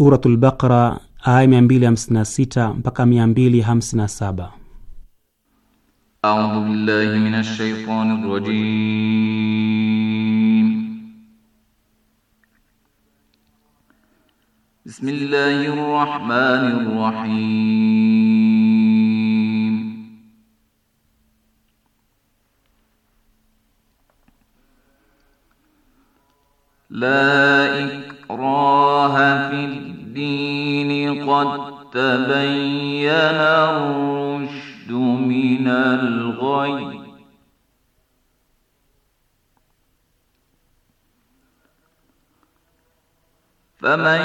Suratul Baqara aya mia mbili na sita mpaka 257. A'udhu billahi minash shaitani rajim فمن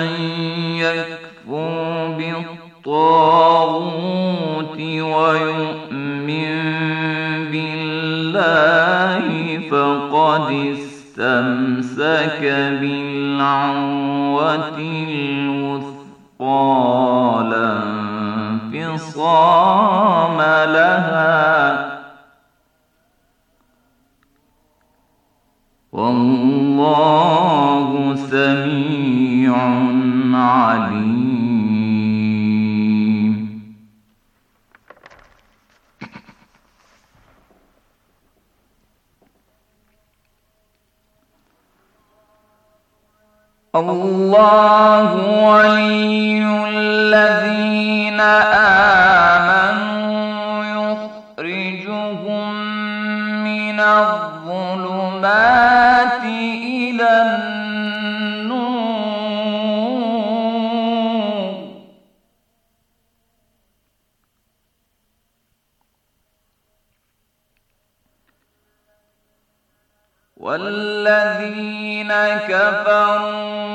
يكفر بالطاغوت ويؤمن بالله فقد استمسك بالعروة الوثقى لا انفصام لها والله سميع عليم الله ولي الذين آمنوا يخرجهم من الظلمات والذين كفروا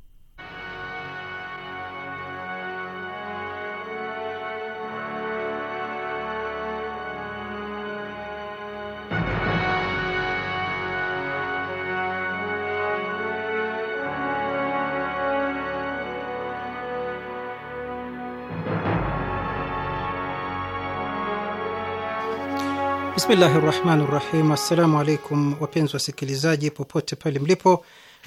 Bismillahi rahmani rahim. Assalamu alaikum wapenzi wasikilizaji popote pale mlipo,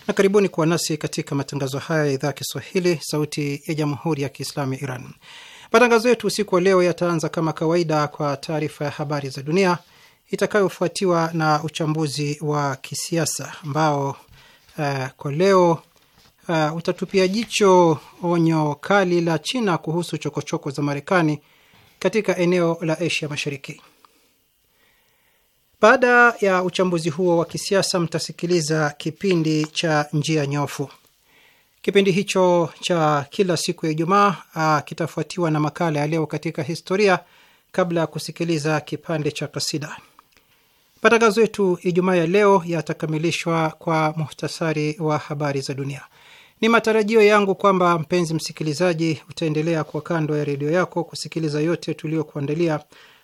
na karibuni kuwa nasi katika matangazo haya ya idhaa ya Kiswahili sauti ya jamhuri ya Kiislamu ya Iran. Matangazo yetu usiku wa leo yataanza kama kawaida kwa taarifa ya habari za dunia itakayofuatiwa na uchambuzi wa kisiasa ambao uh, kwa leo uh, utatupia jicho onyo kali la China kuhusu chokochoko choko za Marekani katika eneo la Asia Mashariki. Baada ya uchambuzi huo wa kisiasa, mtasikiliza kipindi cha njia nyofu. Kipindi hicho cha kila siku ya Ijumaa ah, kitafuatiwa na makala ya leo katika historia, kabla ya kusikiliza kipande cha kasida. Matangazo yetu Ijumaa ya leo yatakamilishwa kwa muhtasari wa habari za dunia. Ni matarajio yangu kwamba mpenzi msikilizaji, utaendelea kwa kando ya redio yako kusikiliza yote tuliyokuandalia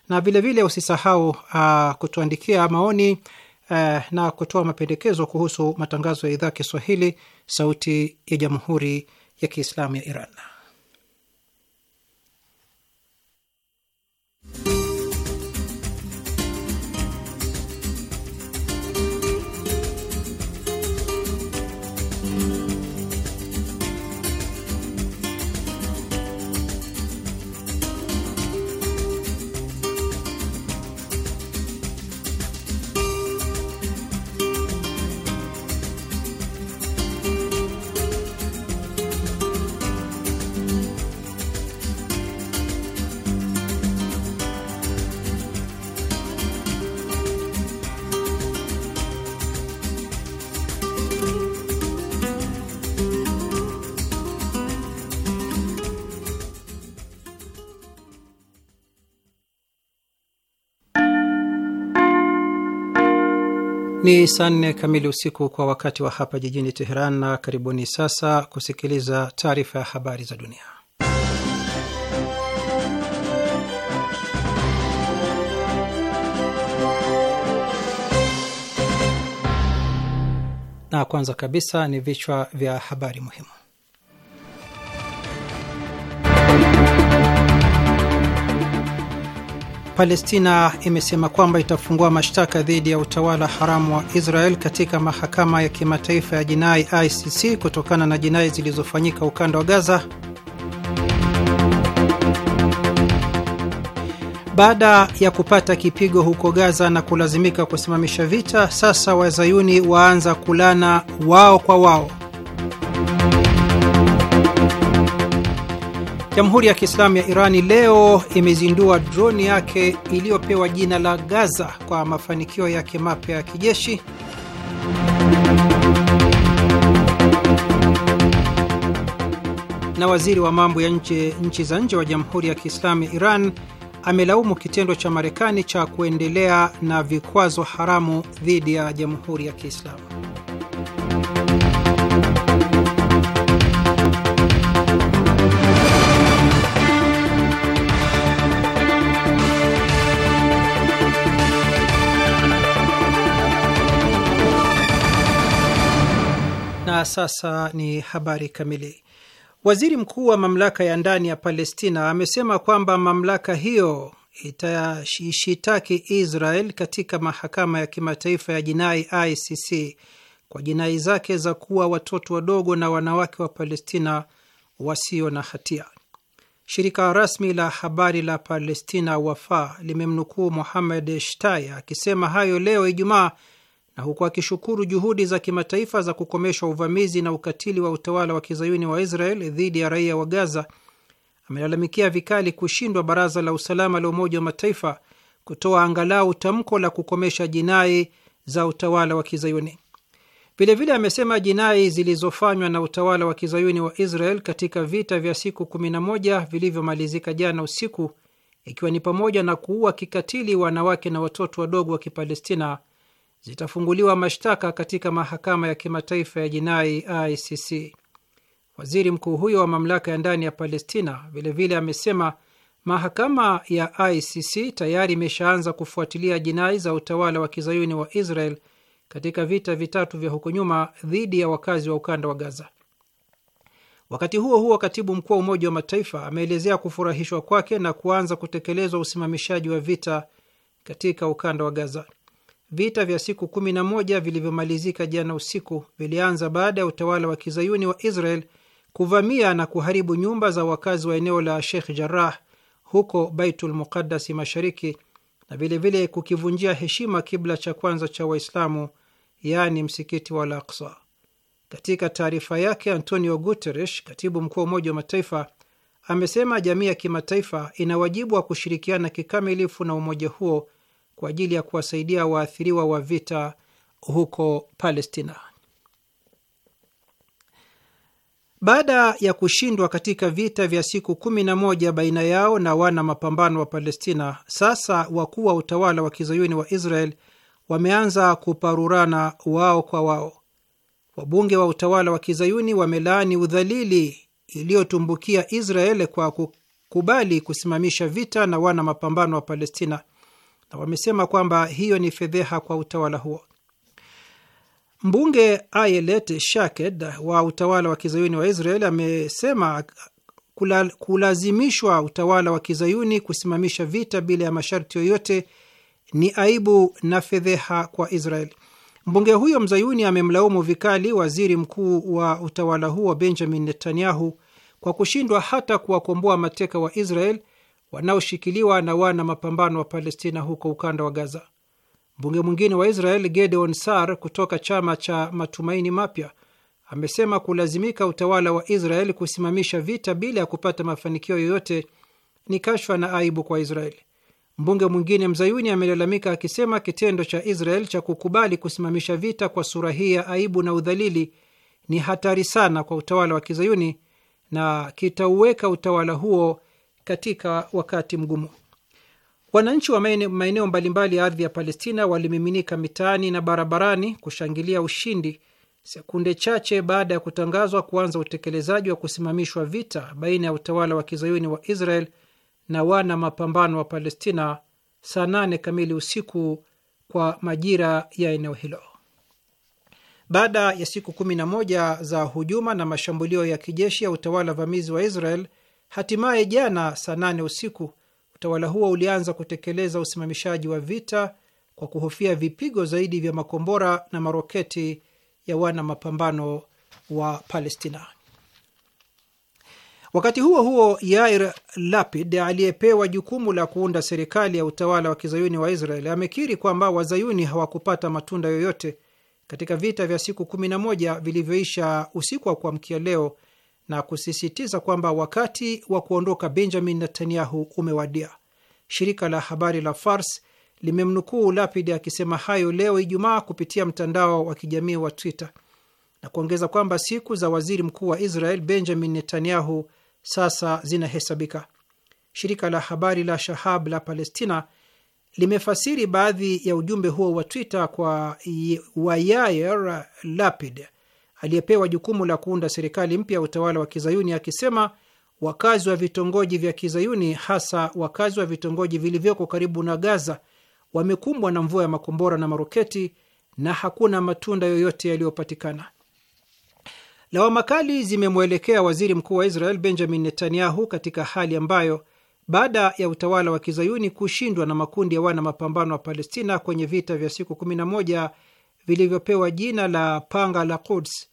na vilevile usisahau uh, kutuandikia maoni uh, na kutoa mapendekezo kuhusu matangazo ya idhaa Kiswahili sauti ya jamhuri ya Kiislamu ya Iran. Ni saa nne kamili usiku kwa wakati wa hapa jijini Teheran, na karibuni sasa kusikiliza taarifa ya habari za dunia. Na kwanza kabisa ni vichwa vya habari muhimu. Palestina imesema kwamba itafungua mashtaka dhidi ya utawala haramu wa Israel katika mahakama ya kimataifa ya jinai ICC kutokana na jinai zilizofanyika ukanda wa Gaza. Baada ya kupata kipigo huko Gaza na kulazimika kusimamisha vita, sasa wazayuni waanza kulana wao kwa wao Jamhuri ya Kiislamu ya Irani leo imezindua droni yake iliyopewa jina la Gaza kwa mafanikio yake mapya ya kijeshi. Na waziri wa mambo ya nje nchi za nje wa Jamhuri ya Kiislamu ya Iran amelaumu kitendo cha Marekani cha kuendelea na vikwazo haramu dhidi ya Jamhuri ya Kiislamu. Na sasa ni habari kamili. Waziri mkuu wa mamlaka ya ndani ya Palestina amesema kwamba mamlaka hiyo itaishitaki Israel katika mahakama ya kimataifa ya jinai ICC kwa jinai zake za kuwa watoto wadogo na wanawake wa Palestina wasio na hatia. Shirika rasmi la habari la Palestina Wafa limemnukuu muhamed Shtaya akisema hayo leo Ijumaa na huku akishukuru juhudi za kimataifa za kukomesha uvamizi na ukatili wa utawala wa kizayuni wa Israel dhidi ya raia wa Gaza, amelalamikia vikali kushindwa Baraza la Usalama la Umoja wa Mataifa kutoa angalau tamko la kukomesha jinai za utawala wa kizayuni. Vilevile amesema jinai zilizofanywa na utawala wa kizayuni wa Israel katika vita vya siku 11 vilivyomalizika jana usiku, ikiwa ni pamoja na kuua kikatili wanawake na watoto wadogo wa Kipalestina zitafunguliwa mashtaka katika mahakama ya kimataifa ya jinai ICC. Waziri mkuu huyo wa mamlaka ya ndani ya Palestina vilevile vile amesema mahakama ya ICC tayari imeshaanza kufuatilia jinai za utawala wa kizayuni wa Israel katika vita vitatu vya huko nyuma dhidi ya wakazi wa ukanda wa Gaza. Wakati huo huo, katibu mkuu wa Umoja wa Mataifa ameelezea kufurahishwa kwake na kuanza kutekelezwa usimamishaji wa vita katika ukanda wa Gaza. Vita vya siku 11 vilivyomalizika jana usiku vilianza baada ya utawala wa kizayuni wa Israel kuvamia na kuharibu nyumba za wakazi wa eneo la Sheikh Jarrah huko Baitul Muqaddasi Mashariki, na vilevile kukivunjia heshima kibla cha kwanza cha Waislamu, yaani msikiti wa Al-Aqsa. Katika taarifa yake, Antonio Guterres, katibu mkuu wa Umoja wa Mataifa, amesema jamii ya kimataifa ina wajibu wa kushirikiana kikamilifu na umoja huo kwa ajili ya kuwasaidia waathiriwa wa vita huko Palestina. Baada ya kushindwa katika vita vya siku kumi na moja baina yao na wana mapambano wa Palestina, sasa wakuu wa utawala wa kizayuni wa Israel wameanza kuparurana wao kwa wao. Wabunge wa utawala wa kizayuni wamelaani udhalili iliyotumbukia Israel kwa kukubali kusimamisha vita na wana mapambano wa Palestina na wamesema kwamba hiyo ni fedheha kwa utawala huo. Mbunge Ayelet Shaked wa utawala wa kizayuni wa Israel amesema kulazimishwa utawala wa kizayuni kusimamisha vita bila ya masharti yoyote ni aibu na fedheha kwa Israel. Mbunge huyo mzayuni amemlaumu vikali waziri mkuu wa utawala huo Benjamin Netanyahu kwa kushindwa hata kuwakomboa mateka wa Israel wanaoshikiliwa na wana mapambano wa Palestina huko ukanda wa Gaza. Mbunge mwingine wa Israel Gedeon Sar kutoka chama cha Matumaini Mapya amesema kulazimika utawala wa Israel kusimamisha vita bila ya kupata mafanikio yoyote ni kashfa na aibu kwa Israel. Mbunge mwingine mzayuni amelalamika akisema kitendo cha Israel cha kukubali kusimamisha vita kwa sura hii ya aibu na udhalili ni hatari sana kwa utawala wa kizayuni na kitauweka utawala huo katika wakati mgumu. Wananchi wa maeneo mbalimbali ya ardhi ya Palestina walimiminika mitaani na barabarani kushangilia ushindi sekunde chache baada ya kutangazwa kuanza utekelezaji wa kusimamishwa vita baina ya utawala wa kizayuni wa Israel na wana mapambano wa Palestina saa nane kamili usiku kwa majira ya eneo hilo. Baada ya siku kumi na moja za hujuma na mashambulio ya kijeshi ya utawala vamizi wa Israel Hatimaye jana saa nane usiku utawala huo ulianza kutekeleza usimamishaji wa vita kwa kuhofia vipigo zaidi vya makombora na maroketi ya wana mapambano wa Palestina. Wakati huo huo, Yair Lapid aliyepewa jukumu la kuunda serikali ya utawala wa kizayuni wa Israel amekiri kwamba wazayuni hawakupata matunda yoyote katika vita vya siku 11 vilivyoisha usiku wa kuamkia leo na kusisitiza kwamba wakati wa kuondoka Benjamin Netanyahu umewadia. Shirika la habari la Fars limemnukuu Lapid akisema hayo leo Ijumaa kupitia mtandao wa kijamii wa Twitter na kuongeza kwamba siku za waziri mkuu wa Israel Benjamin Netanyahu sasa zinahesabika. Shirika la habari la Shahab la Palestina limefasiri baadhi ya ujumbe huo wa Twitter kwa wa Yair Lapid aliyepewa jukumu la kuunda serikali mpya ya utawala wa kizayuni akisema wakazi wa vitongoji vya kizayuni hasa wakazi wa vitongoji vilivyoko karibu na Gaza wamekumbwa na mvua ya makombora na maroketi na hakuna matunda yoyote yaliyopatikana. Lawama kali zimemwelekea waziri mkuu wa Israel Benjamin Netanyahu katika hali ambayo baada ya utawala wa kizayuni kushindwa na makundi ya wana mapambano wa Palestina kwenye vita vya siku 11 vilivyopewa jina la panga la Quds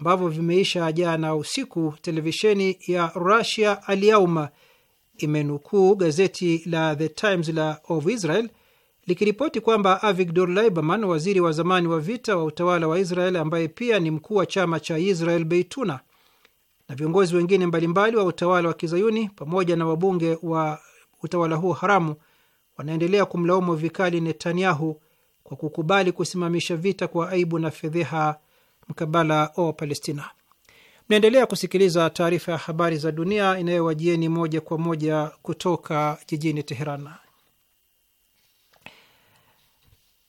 ambavyo vimeisha jana usiku, televisheni ya Russia aliauma imenukuu gazeti la The Times la of Israel likiripoti kwamba Avigdor Lieberman, waziri wa zamani wa vita wa utawala wa Israel ambaye pia ni mkuu wa chama cha Israel Beituna, na viongozi wengine mbalimbali wa utawala wa kizayuni pamoja na wabunge wa utawala huo haramu wanaendelea kumlaumu vikali Netanyahu kwa kukubali kusimamisha vita kwa aibu na fedheha mkabala wa Wapalestina. Mnaendelea kusikiliza taarifa ya habari za dunia inayowajieni moja kwa moja kutoka jijini Teheran.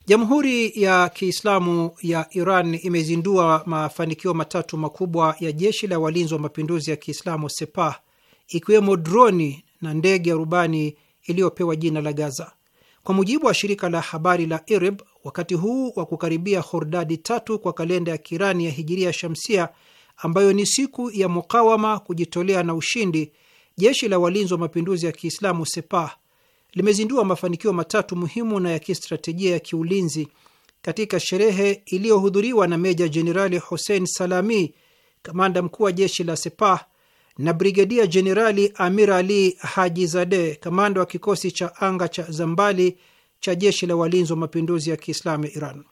Jamhuri ya Kiislamu ya Iran imezindua mafanikio matatu makubwa ya jeshi la walinzi wa mapinduzi ya Kiislamu Sepah, ikiwemo droni na ndege ya rubani iliyopewa jina la Gaza. Kwa mujibu wa shirika la habari la IRIB, wakati huu wa kukaribia Hordadi tatu kwa kalenda ya Kirani ya Hijiria Shamsia, ambayo ni siku ya mukawama, kujitolea na ushindi, jeshi la walinzi wa mapinduzi ya Kiislamu Sepah limezindua mafanikio matatu muhimu na ya kistratejia ya kiulinzi katika sherehe iliyohudhuriwa na Meja Jenerali Hussein Salami, kamanda mkuu wa jeshi la Sepah na Brigedia Jenerali Amir Ali Haji Zade, kamanda wa kikosi cha anga cha Zambali cha jeshi la walinzi wa mapinduzi ya Kiislamu ya Iran.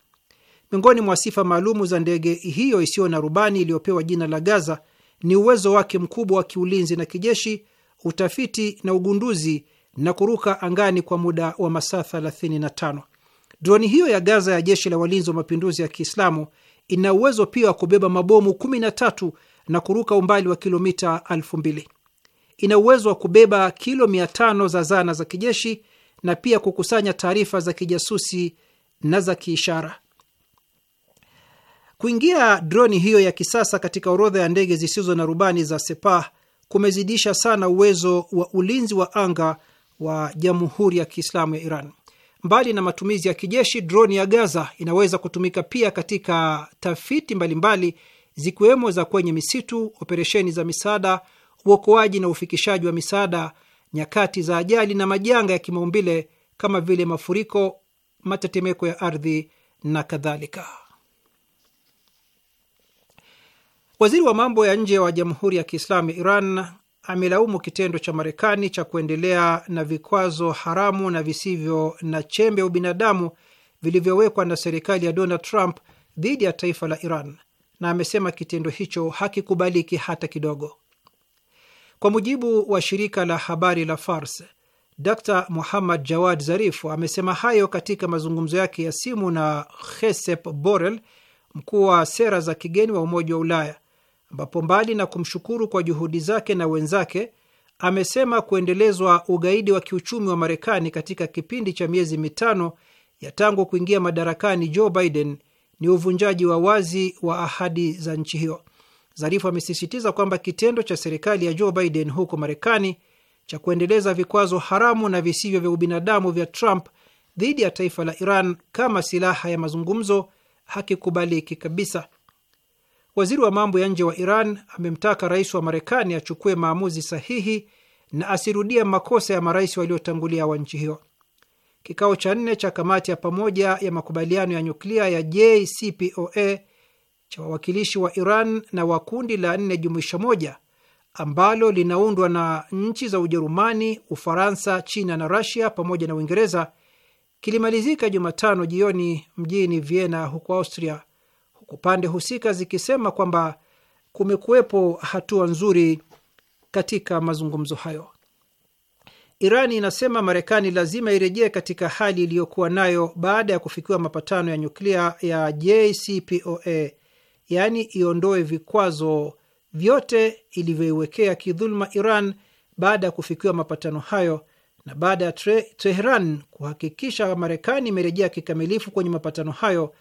Miongoni mwa sifa maalumu za ndege hiyo isiyo na rubani iliyopewa jina la Gaza ni uwezo wake mkubwa wa kiulinzi na kijeshi, utafiti na ugunduzi, na kuruka angani kwa muda wa masaa 35. Droni hiyo ya Gaza ya jeshi la walinzi wa mapinduzi ya Kiislamu ina uwezo pia wa kubeba mabomu tatu na kuruka umbali wa kilomita elfu mbili. Ina uwezo wa kubeba kilo mia tano za zana za kijeshi na pia kukusanya taarifa za kijasusi na za kiishara. Kuingia droni hiyo ya kisasa katika orodha ya ndege zisizo na rubani za Sepah kumezidisha sana uwezo wa ulinzi wa anga wa Jamhuri ya Kiislamu ya Iran. Mbali na matumizi ya kijeshi, droni ya Gaza inaweza kutumika pia katika tafiti mbalimbali zikiwemo za kwenye misitu, operesheni za misaada, uokoaji na ufikishaji wa misaada nyakati za ajali na majanga ya kimaumbile kama vile mafuriko, matetemeko ya ardhi na kadhalika. Waziri wa mambo ya nje wa Jamhuri ya Kiislamu Iran amelaumu kitendo cha Marekani cha kuendelea na vikwazo haramu na visivyo na chembe ya ubinadamu vilivyowekwa na serikali ya Donald Trump dhidi ya taifa la Iran na amesema kitendo hicho hakikubaliki hata kidogo. Kwa mujibu wa shirika la habari la Fars, Dr Muhammad Jawad Zarifu amesema hayo katika mazungumzo yake ya simu na Josep Borrell, mkuu wa sera za kigeni wa Umoja wa Ulaya, ambapo mbali na kumshukuru kwa juhudi zake na wenzake, amesema kuendelezwa ugaidi wa kiuchumi wa Marekani katika kipindi cha miezi mitano ya tangu kuingia madarakani Joe Biden ni uvunjaji wa wazi wa ahadi za nchi hiyo. Zarifu amesisitiza kwamba kitendo cha serikali ya Joe Biden huko Marekani cha kuendeleza vikwazo haramu na visivyo vya ubinadamu vya Trump dhidi ya taifa la Iran kama silaha ya mazungumzo hakikubaliki kabisa. Waziri wa mambo ya nje wa Iran amemtaka rais wa Marekani achukue maamuzi sahihi na asirudia makosa ya marais waliotangulia wa nchi hiyo. Kikao cha nne cha kamati ya pamoja ya makubaliano ya nyuklia ya JCPOA cha wawakilishi wa Iran na wa kundi la nne jumuisha moja ambalo linaundwa na nchi za Ujerumani, Ufaransa, China na Rasia pamoja na Uingereza kilimalizika Jumatano jioni mjini Vienna huko Austria, huku pande husika zikisema kwamba kumekuwepo hatua nzuri katika mazungumzo hayo. Irani inasema Marekani lazima irejee katika hali iliyokuwa nayo baada ya kufikiwa mapatano ya nyuklia ya JCPOA, yaani iondoe vikwazo vyote ilivyoiwekea kidhuluma Iran baada ya kufikiwa mapatano hayo na baada ya Teheran kuhakikisha Marekani imerejea kikamilifu kwenye mapatano hayo,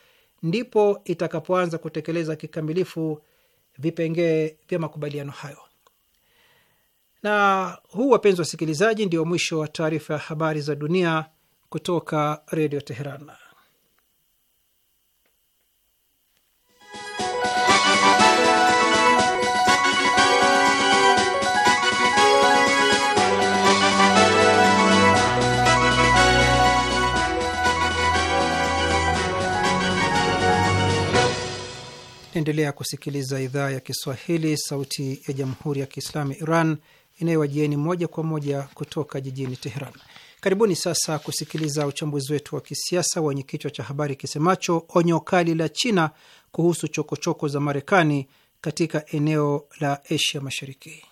ndipo itakapoanza kutekeleza kikamilifu vipengee vya makubaliano hayo. Na huu, wapenzi wasikilizaji, ndio mwisho wa taarifa ya habari za dunia kutoka Redio Teheran. Endelea kusikiliza idhaa ya Kiswahili, sauti ya jamhuri ya kiislamu Iran inayowajieni moja kwa moja kutoka jijini Teheran. Karibuni sasa kusikiliza uchambuzi wetu wa kisiasa wenye kichwa cha habari kisemacho onyo kali la China kuhusu chokochoko choko za Marekani katika eneo la Asia Mashariki.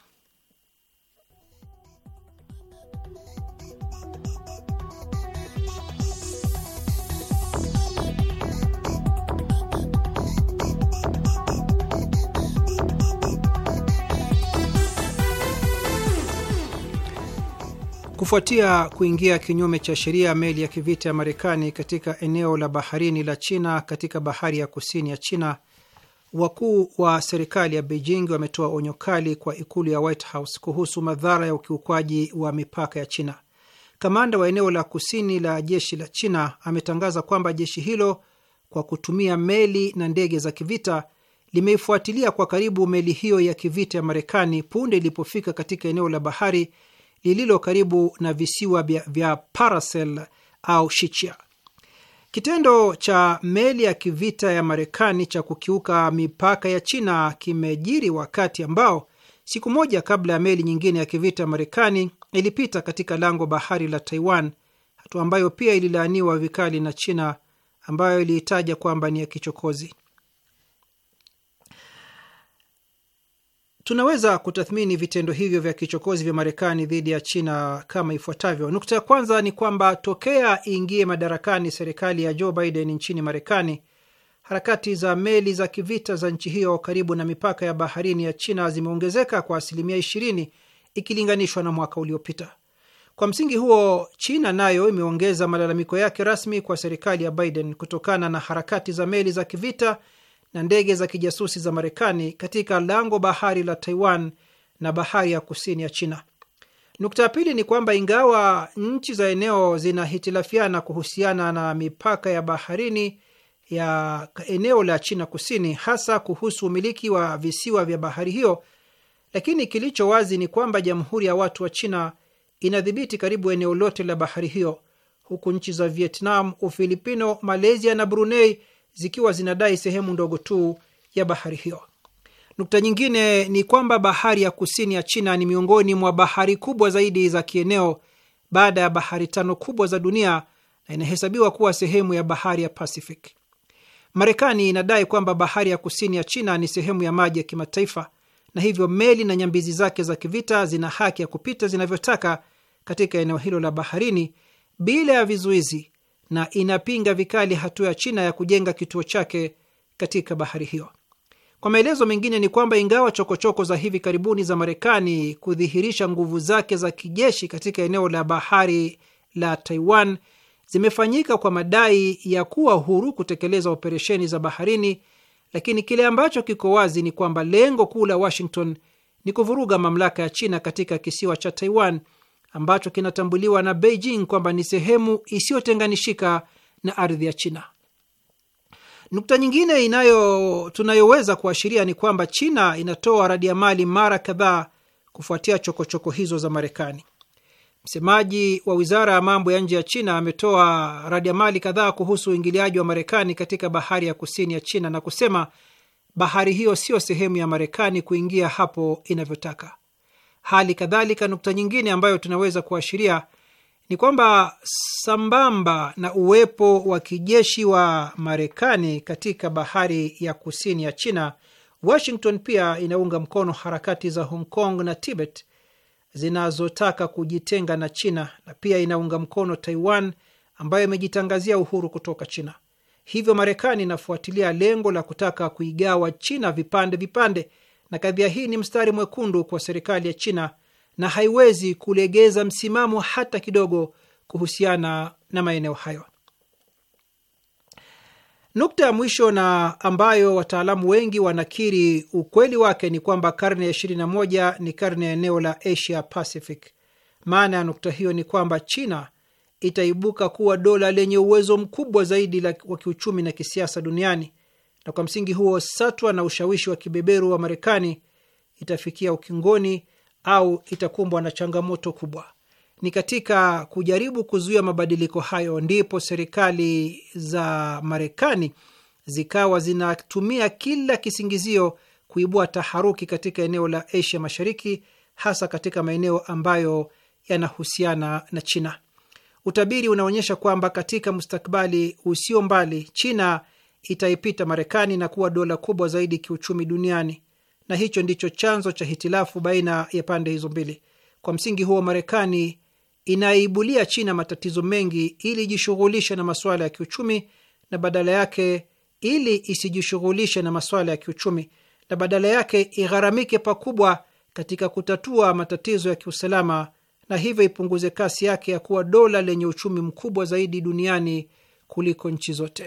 Kufuatia kuingia kinyume cha sheria meli ya kivita ya Marekani katika eneo la baharini la China katika bahari ya kusini ya China, wakuu wa serikali ya Beijing wametoa onyo kali kwa ikulu ya White House kuhusu madhara ya ukiukwaji wa mipaka ya China. Kamanda wa eneo la kusini la jeshi la China ametangaza kwamba jeshi hilo kwa kutumia meli na ndege za kivita limeifuatilia kwa karibu meli hiyo ya kivita ya Marekani punde ilipofika katika eneo la bahari lililo karibu na visiwa vya Paracel au Shichia. Kitendo cha meli ya kivita ya Marekani cha kukiuka mipaka ya China kimejiri wakati ambao siku moja kabla ya meli nyingine ya kivita ya Marekani ilipita katika lango bahari la Taiwan, hatua ambayo pia ililaaniwa vikali na China ambayo iliitaja kwamba ni ya kichokozi. Tunaweza kutathmini vitendo hivyo vya kichokozi vya Marekani dhidi ya China kama ifuatavyo. Nukta ya kwanza ni kwamba tokea iingie madarakani serikali ya Joe Biden nchini Marekani, harakati za meli za kivita za nchi hiyo karibu na mipaka ya baharini ya China zimeongezeka kwa asilimia 20 ikilinganishwa na mwaka uliopita. Kwa msingi huo, China nayo imeongeza malalamiko yake rasmi kwa serikali ya Biden kutokana na harakati za meli za kivita na ndege za kijasusi za Marekani katika lango bahari la Taiwan na bahari ya kusini ya China. Nukta ya pili ni kwamba ingawa nchi za eneo zinahitilafiana kuhusiana na mipaka ya baharini ya eneo la China kusini, hasa kuhusu umiliki wa visiwa vya bahari hiyo, lakini kilicho wazi ni kwamba Jamhuri ya Watu wa China inadhibiti karibu eneo lote la bahari hiyo, huku nchi za Vietnam, Ufilipino, Malaysia na Brunei zikiwa zinadai sehemu ndogo tu ya bahari hiyo. Nukta nyingine ni kwamba bahari ya kusini ya China ni miongoni mwa bahari kubwa zaidi za kieneo baada ya bahari tano kubwa za dunia na inahesabiwa kuwa sehemu ya bahari ya Pacific. Marekani inadai kwamba bahari ya kusini ya China ni sehemu ya maji ya kimataifa na hivyo meli na nyambizi zake za kivita zina haki ya kupita zinavyotaka katika eneo hilo la baharini bila ya vizuizi na inapinga vikali hatua ya China ya kujenga kituo chake katika bahari hiyo. Kwa maelezo mengine ni kwamba ingawa chokochoko za hivi karibuni za Marekani kudhihirisha nguvu zake za kijeshi katika eneo la bahari la Taiwan zimefanyika kwa madai ya kuwa huru kutekeleza operesheni za baharini, lakini kile ambacho kiko wazi ni kwamba lengo kuu la Washington ni kuvuruga mamlaka ya China katika kisiwa cha Taiwan ambacho kinatambuliwa na Beijing kwamba ni sehemu isiyotenganishika na ardhi ya China. Nukta nyingine inayo tunayoweza kuashiria ni kwamba China inatoa radiamali mara kadhaa kufuatia chokochoko choko hizo za Marekani. Msemaji wa wizara ya mambo ya nje ya China ametoa radiamali kadhaa kuhusu uingiliaji wa Marekani katika bahari ya kusini ya China na kusema bahari hiyo siyo sehemu ya Marekani kuingia hapo inavyotaka. Hali kadhalika, nukta nyingine ambayo tunaweza kuashiria ni kwamba sambamba na uwepo wa kijeshi wa Marekani katika bahari ya kusini ya China, Washington pia inaunga mkono harakati za Hong Kong na Tibet zinazotaka kujitenga na China na pia inaunga mkono Taiwan ambayo imejitangazia uhuru kutoka China. Hivyo Marekani inafuatilia lengo la kutaka kuigawa China vipande vipande na kadhia hii ni mstari mwekundu kwa serikali ya China na haiwezi kulegeza msimamo hata kidogo kuhusiana na maeneo hayo. Nukta ya mwisho na ambayo wataalamu wengi wanakiri ukweli wake ni kwamba karne ya 21 ni karne ya eneo la Asia Pacific. Maana ya nukta hiyo ni kwamba China itaibuka kuwa dola lenye uwezo mkubwa zaidi wa kiuchumi na kisiasa duniani na kwa msingi huo satwa na ushawishi wa kibeberu wa Marekani itafikia ukingoni au itakumbwa na changamoto kubwa. Ni katika kujaribu kuzuia mabadiliko hayo ndipo serikali za Marekani zikawa zinatumia kila kisingizio kuibua taharuki katika eneo la Asia Mashariki, hasa katika maeneo ambayo yanahusiana na China. Utabiri unaonyesha kwamba katika mustakabali usio mbali, China itaipita Marekani na kuwa dola kubwa zaidi kiuchumi duniani, na hicho ndicho chanzo cha hitilafu baina ya pande hizo mbili. Kwa msingi huo, Marekani inaibulia China matatizo mengi ili ijishughulishe na masuala ya kiuchumi na badala yake ili isijishughulishe na masuala ya kiuchumi na badala yake igharamike pakubwa katika kutatua matatizo ya kiusalama na hivyo ipunguze kasi yake ya kuwa dola lenye uchumi mkubwa zaidi duniani kuliko nchi zote.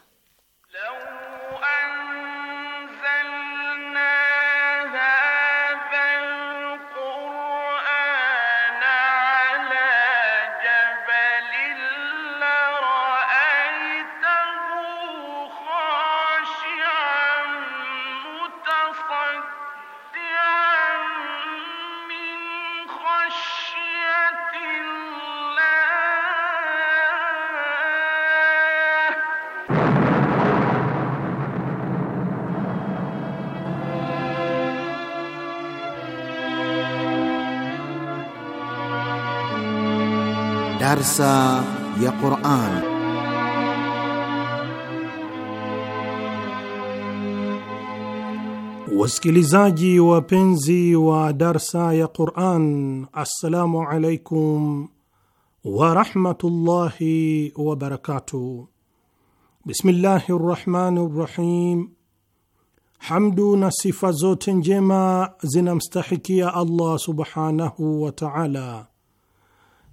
darsa ya Qur'an. Wasikilizaji wapenzi wa darsa ya Quran, assalamu alaikum wa wabarakatuh. Bismillahi rrahmani rrahim. Hamdu na sifa zote njema zinamstahikia Allah subhanahu wa taala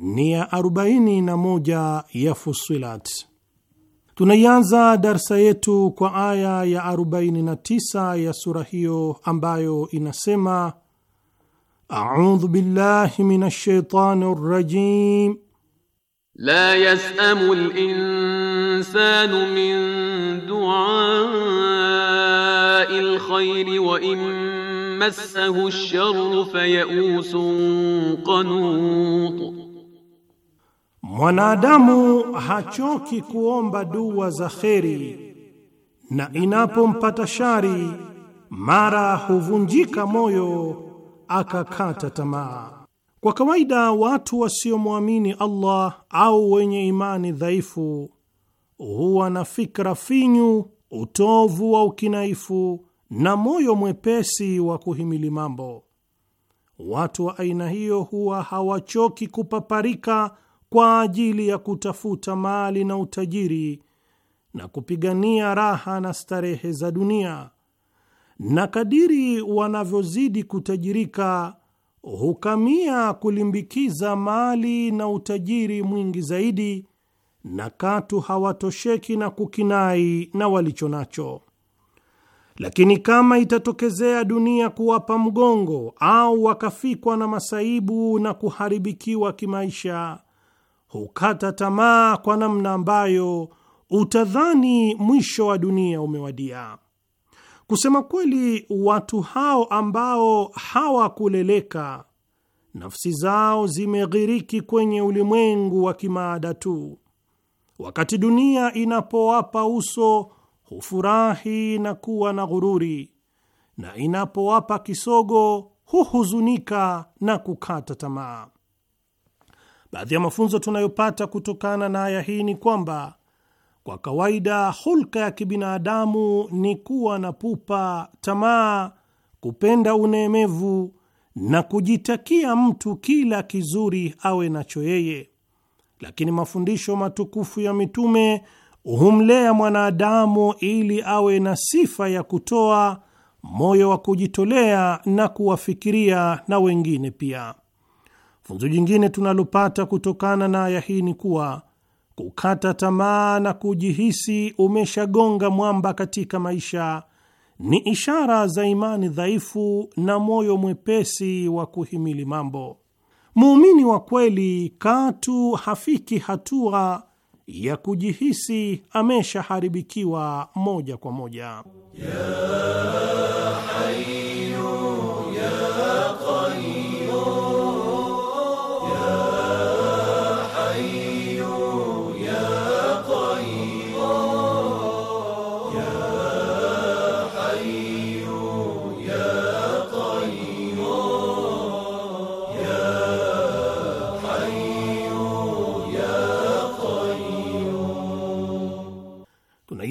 ni ya 41 ya Fusilat. Tunaianza darsa yetu kwa aya ya 49 ya sura hiyo ambayo inasema: audhu billahi minash shaitani rajim la yasamu linsanu min duai lkhairi wa in massahu lsharu fayausun qanut Mwanadamu hachoki kuomba dua za kheri, na inapompata shari mara huvunjika moyo akakata tamaa. Kwa kawaida watu wasiomwamini Allah au wenye imani dhaifu huwa na fikra finyu, utovu wa ukinaifu na moyo mwepesi wa kuhimili mambo. Watu wa aina hiyo huwa hawachoki kupaparika kwa ajili ya kutafuta mali na utajiri na kupigania raha na starehe za dunia, na kadiri wanavyozidi kutajirika hukamia kulimbikiza mali na utajiri mwingi zaidi, na katu hawatosheki na kukinai na walicho nacho. Lakini kama itatokezea dunia kuwapa mgongo au wakafikwa na masaibu na kuharibikiwa kimaisha hukata tamaa kwa namna ambayo utadhani mwisho wa dunia umewadia. Kusema kweli, watu hao ambao hawakuleleka, nafsi zao zimeghiriki kwenye ulimwengu wa kimaada tu. Wakati dunia inapowapa uso hufurahi na kuwa na ghururi, na inapowapa kisogo huhuzunika na kukata tamaa. Baadhi ya mafunzo tunayopata kutokana na aya hii ni kwamba kwa kawaida hulka ya kibinadamu ni kuwa na pupa, tamaa, kupenda uneemevu na kujitakia mtu kila kizuri awe nacho yeye, lakini mafundisho matukufu ya mitume humlea mwanadamu ili awe na sifa ya kutoa, moyo wa kujitolea na kuwafikiria na wengine pia. Funzo jingine tunalopata kutokana na aya hii ni kuwa kukata tamaa na kujihisi umeshagonga mwamba katika maisha ni ishara za imani dhaifu na moyo mwepesi wa kuhimili mambo. Muumini wa kweli katu hafiki hatua ya kujihisi ameshaharibikiwa moja kwa moja ya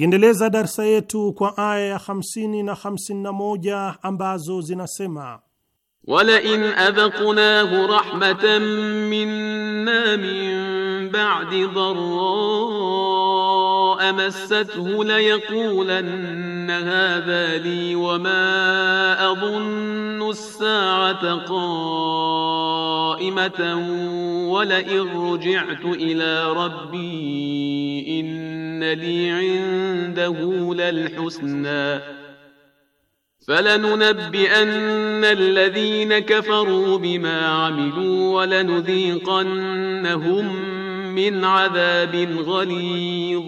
Tukiendeleza darsa yetu kwa aya ya 50 na 51 ambazo zinasema Walain adhaqnahu rahmatan minna min ba'di dharra أمسته مسته ليقولن هذا لي وما أظن الساعة قائمة ولئن رجعت إلى ربي إن لي عنده للحسنى فلننبئن الذين كفروا بما عملوا ولنذيقنهم من عذاب غليظ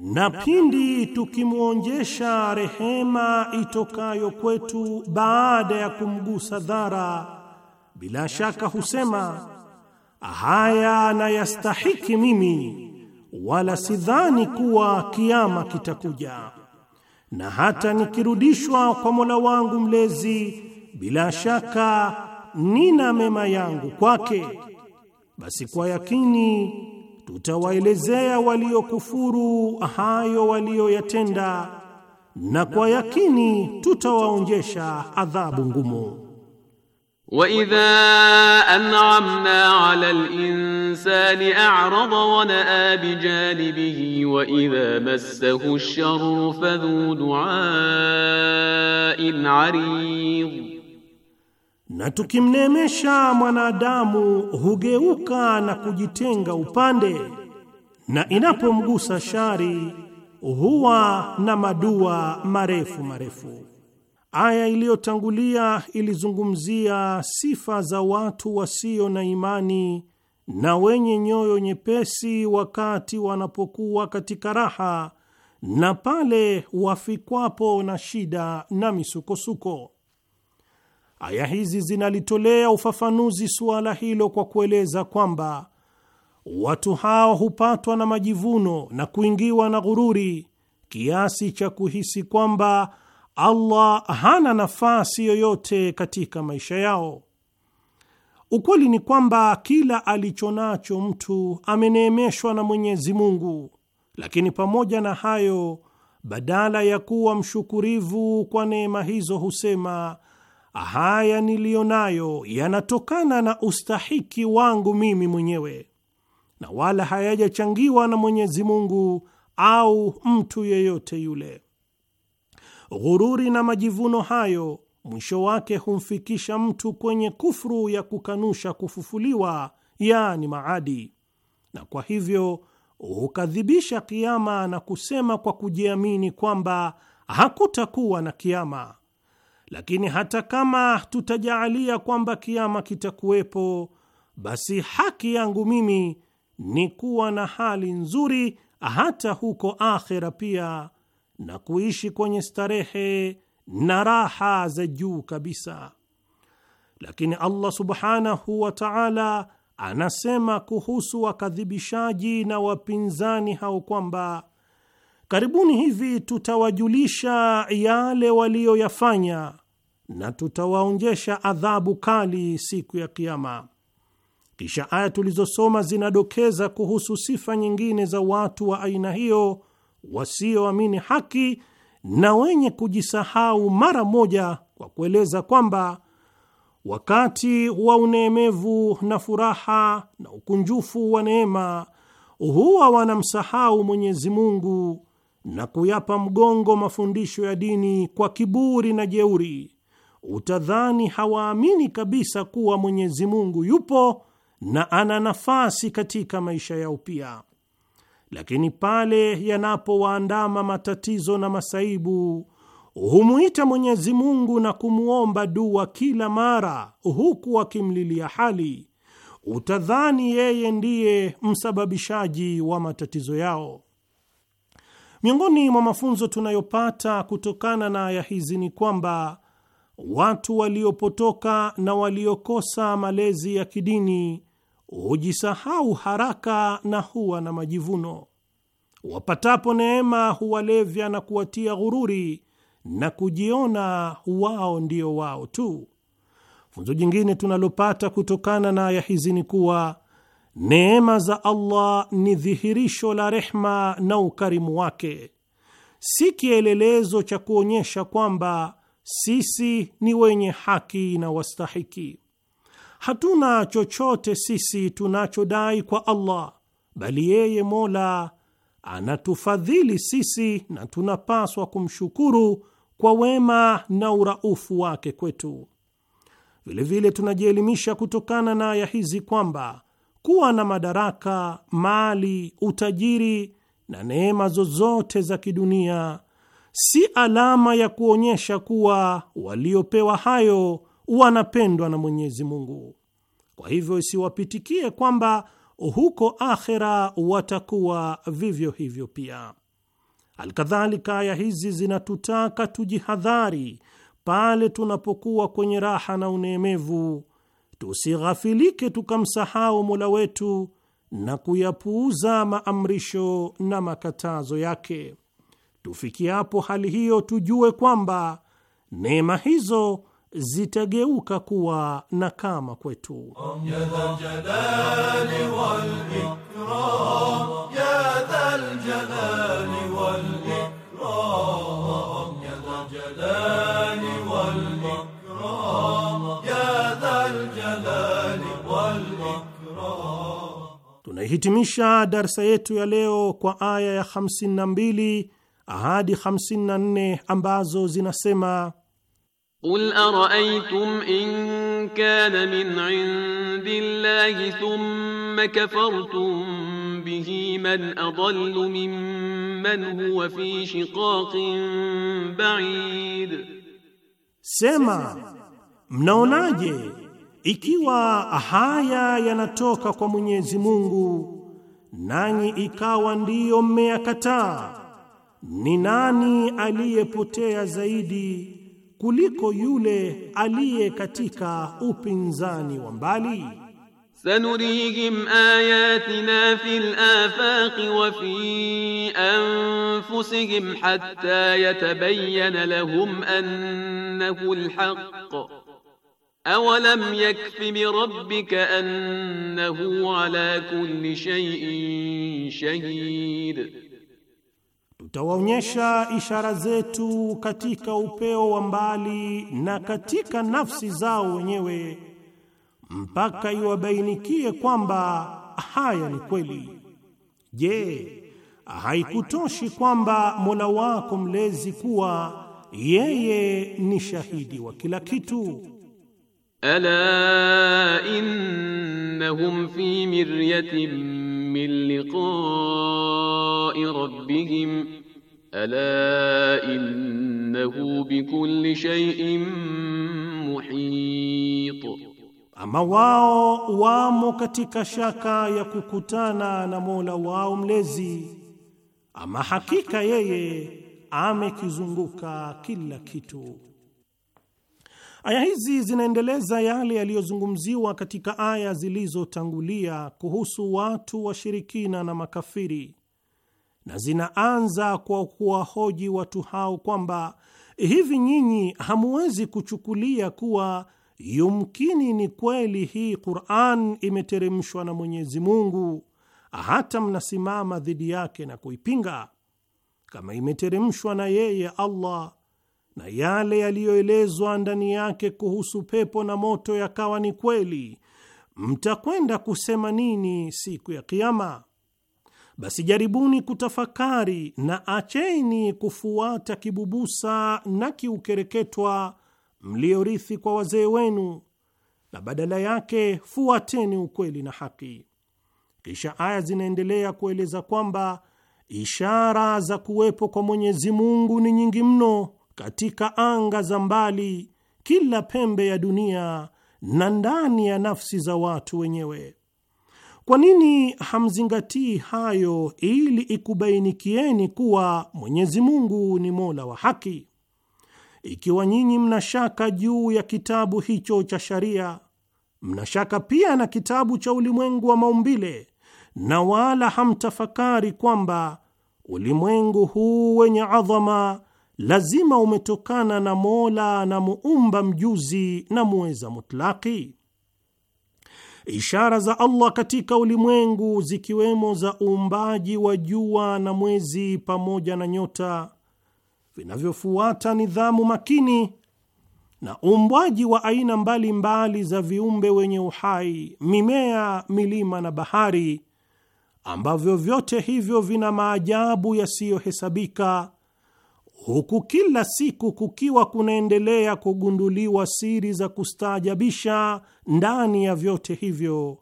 na pindi tukimwonjesha rehema itokayo kwetu baada ya kumgusa dhara, bila shaka husema haya na yastahiki mimi, wala sidhani kuwa kiama kitakuja, na hata nikirudishwa kwa Mola wangu mlezi, bila shaka nina mema yangu kwake, basi kwa yakini tutawaelezea waliokufuru hayo waliyoyatenda, na kwa yakini tutawaonjesha adhabu ngumu. Wa idha an'amna 'ala al-insani a'rada wa na'a bi janibihi wa idha massahu ash-sharru fadhu du'a'in 'arid na tukimneemesha mwanadamu hugeuka na kujitenga upande, na inapomgusa shari huwa na madua marefu marefu. Aya iliyotangulia ilizungumzia sifa za watu wasio na imani na wenye nyoyo nyepesi wakati wanapokuwa katika raha na pale wafikwapo na shida na misukosuko. Aya hizi zinalitolea ufafanuzi suala hilo kwa kueleza kwamba watu hao hupatwa na majivuno na kuingiwa na ghururi kiasi cha kuhisi kwamba Allah hana nafasi yoyote katika maisha yao. Ukweli ni kwamba kila alicho nacho mtu ameneemeshwa na Mwenyezi Mungu, lakini pamoja na hayo, badala ya kuwa mshukurivu kwa neema hizo husema haya niliyo nayo yanatokana na ustahiki wangu mimi mwenyewe na wala hayajachangiwa na Mwenyezi Mungu au mtu yeyote yule. Ghururi na majivuno hayo mwisho wake humfikisha mtu kwenye kufru ya kukanusha kufufuliwa, yani maadi, na kwa hivyo hukadhibisha kiama na kusema kwa kujiamini kwamba hakutakuwa na kiama. Lakini hata kama tutajaalia kwamba kiama kitakuwepo, basi haki yangu mimi ni kuwa na hali nzuri hata huko akhera pia, na kuishi kwenye starehe na raha za juu kabisa. Lakini Allah subhanahu wa ta'ala anasema kuhusu wakadhibishaji na wapinzani hao kwamba karibuni hivi tutawajulisha yale waliyoyafanya na tutawaonjesha adhabu kali siku ya Kiama. Kisha aya tulizosoma zinadokeza kuhusu sifa nyingine za watu wa aina hiyo wasioamini haki na wenye kujisahau mara moja, kwa kueleza kwamba wakati wa uneemevu na furaha na ukunjufu wa neema huwa wanamsahau Mwenyezi Mungu na kuyapa mgongo mafundisho ya dini kwa kiburi na jeuri utadhani hawaamini kabisa kuwa Mwenyezi Mungu yupo na ana nafasi katika maisha yao pia. Lakini pale yanapowaandama matatizo na masaibu, humwita Mwenyezi Mungu na kumwomba dua kila mara, huku wakimlilia hali, utadhani yeye ndiye msababishaji wa matatizo yao. Miongoni mwa mafunzo tunayopata kutokana na aya hizi ni kwamba watu waliopotoka na waliokosa malezi ya kidini hujisahau haraka na huwa na majivuno. Wapatapo neema huwalevya na kuwatia ghururi na kujiona wao ndio wao tu. Funzo jingine tunalopata kutokana na aya hizi ni kuwa neema za Allah ni dhihirisho la rehma na ukarimu wake, si kielelezo cha kuonyesha kwamba sisi ni wenye haki na wastahiki. Hatuna chochote sisi tunachodai kwa Allah, bali yeye Mola anatufadhili sisi na tunapaswa kumshukuru kwa wema na uraufu wake kwetu. Vilevile tunajielimisha kutokana na aya hizi kwamba kuwa na madaraka, mali, utajiri na neema zozote za kidunia si alama ya kuonyesha kuwa waliopewa hayo wanapendwa na Mwenyezi Mungu. Kwa hivyo isiwapitikie kwamba huko akhera watakuwa vivyo hivyo pia. Alkadhalika, aya hizi zinatutaka tujihadhari pale tunapokuwa kwenye raha na uneemevu, tusighafilike tukamsahau Mola wetu na kuyapuuza maamrisho na makatazo yake. Tufikiapo hali hiyo, tujue kwamba neema hizo zitageuka kuwa kama kwetu. Tunaihitimisha darsa yetu ya leo kwa aya ya 52 hadi 54 ambazo zinasema Qul ara'aytum in kana min 'indillahi thumma kafartum bihi man adallu mimman huwa fi shiqaqin ba'id, Sema, mnaonaje ikiwa haya yanatoka kwa Mwenyezi Mungu nanyi ikawa ndiyo mmeyakataa ni nani aliyepotea zaidi kuliko yule aliye katika upinzani wa mbali? Sanurihim ayatina fil afaqi wa fi anfusihim hatta yatabayyana lahum annahu alhaq awalam yakfi bi rabbika annahu ala kulli shay'in shahid tutawaonyesha ishara zetu katika upeo wa mbali na katika nafsi zao wenyewe mpaka iwabainikie kwamba haya ni kweli. Je, haikutoshi kwamba Mola wako mlezi kuwa yeye ni shahidi wa kila kitu? Ala innahum fi miryatin min liqa'i rabbihim ala innahu bikulli shay'in muhit, ama wao wamo katika shaka ya kukutana na Mola wao mlezi, ama hakika yeye amekizunguka kila kitu. Aya hizi zinaendeleza yale yaliyozungumziwa katika aya zilizotangulia kuhusu watu washirikina na makafiri na zinaanza kwa kuwahoji watu hao kwamba hivi nyinyi hamuwezi kuchukulia kuwa yumkini ni kweli hii Qur'an imeteremshwa na Mwenyezi Mungu, hata mnasimama dhidi yake na kuipinga? Kama imeteremshwa na yeye Allah na yale yaliyoelezwa ndani yake kuhusu pepo na moto yakawa ni kweli, mtakwenda kusema nini siku ya Kiyama? basi jaribuni kutafakari na acheni kufuata kibubusa na kiukereketwa mliorithi kwa wazee wenu, na badala yake fuateni ukweli na haki. Kisha aya zinaendelea kueleza kwamba ishara za kuwepo kwa Mwenyezi Mungu ni nyingi mno katika anga za mbali, kila pembe ya dunia na ndani ya nafsi za watu wenyewe. Kwa nini hamzingatii hayo ili ikubainikieni kuwa Mwenyezi Mungu ni Mola wa haki? Ikiwa nyinyi mnashaka juu ya kitabu hicho cha sharia, mnashaka pia na kitabu cha ulimwengu wa maumbile, na wala hamtafakari kwamba ulimwengu huu wenye adhama lazima umetokana na Mola na muumba mjuzi na muweza mutlaki. Ishara za Allah katika ulimwengu zikiwemo za uumbaji wa jua na mwezi pamoja na nyota vinavyofuata nidhamu makini na uumbwaji wa aina mbalimbali mbali za viumbe wenye uhai, mimea, milima na bahari, ambavyo vyote hivyo vina maajabu yasiyohesabika huku kila siku kukiwa kunaendelea kugunduliwa siri za kustaajabisha ndani ya vyote hivyo.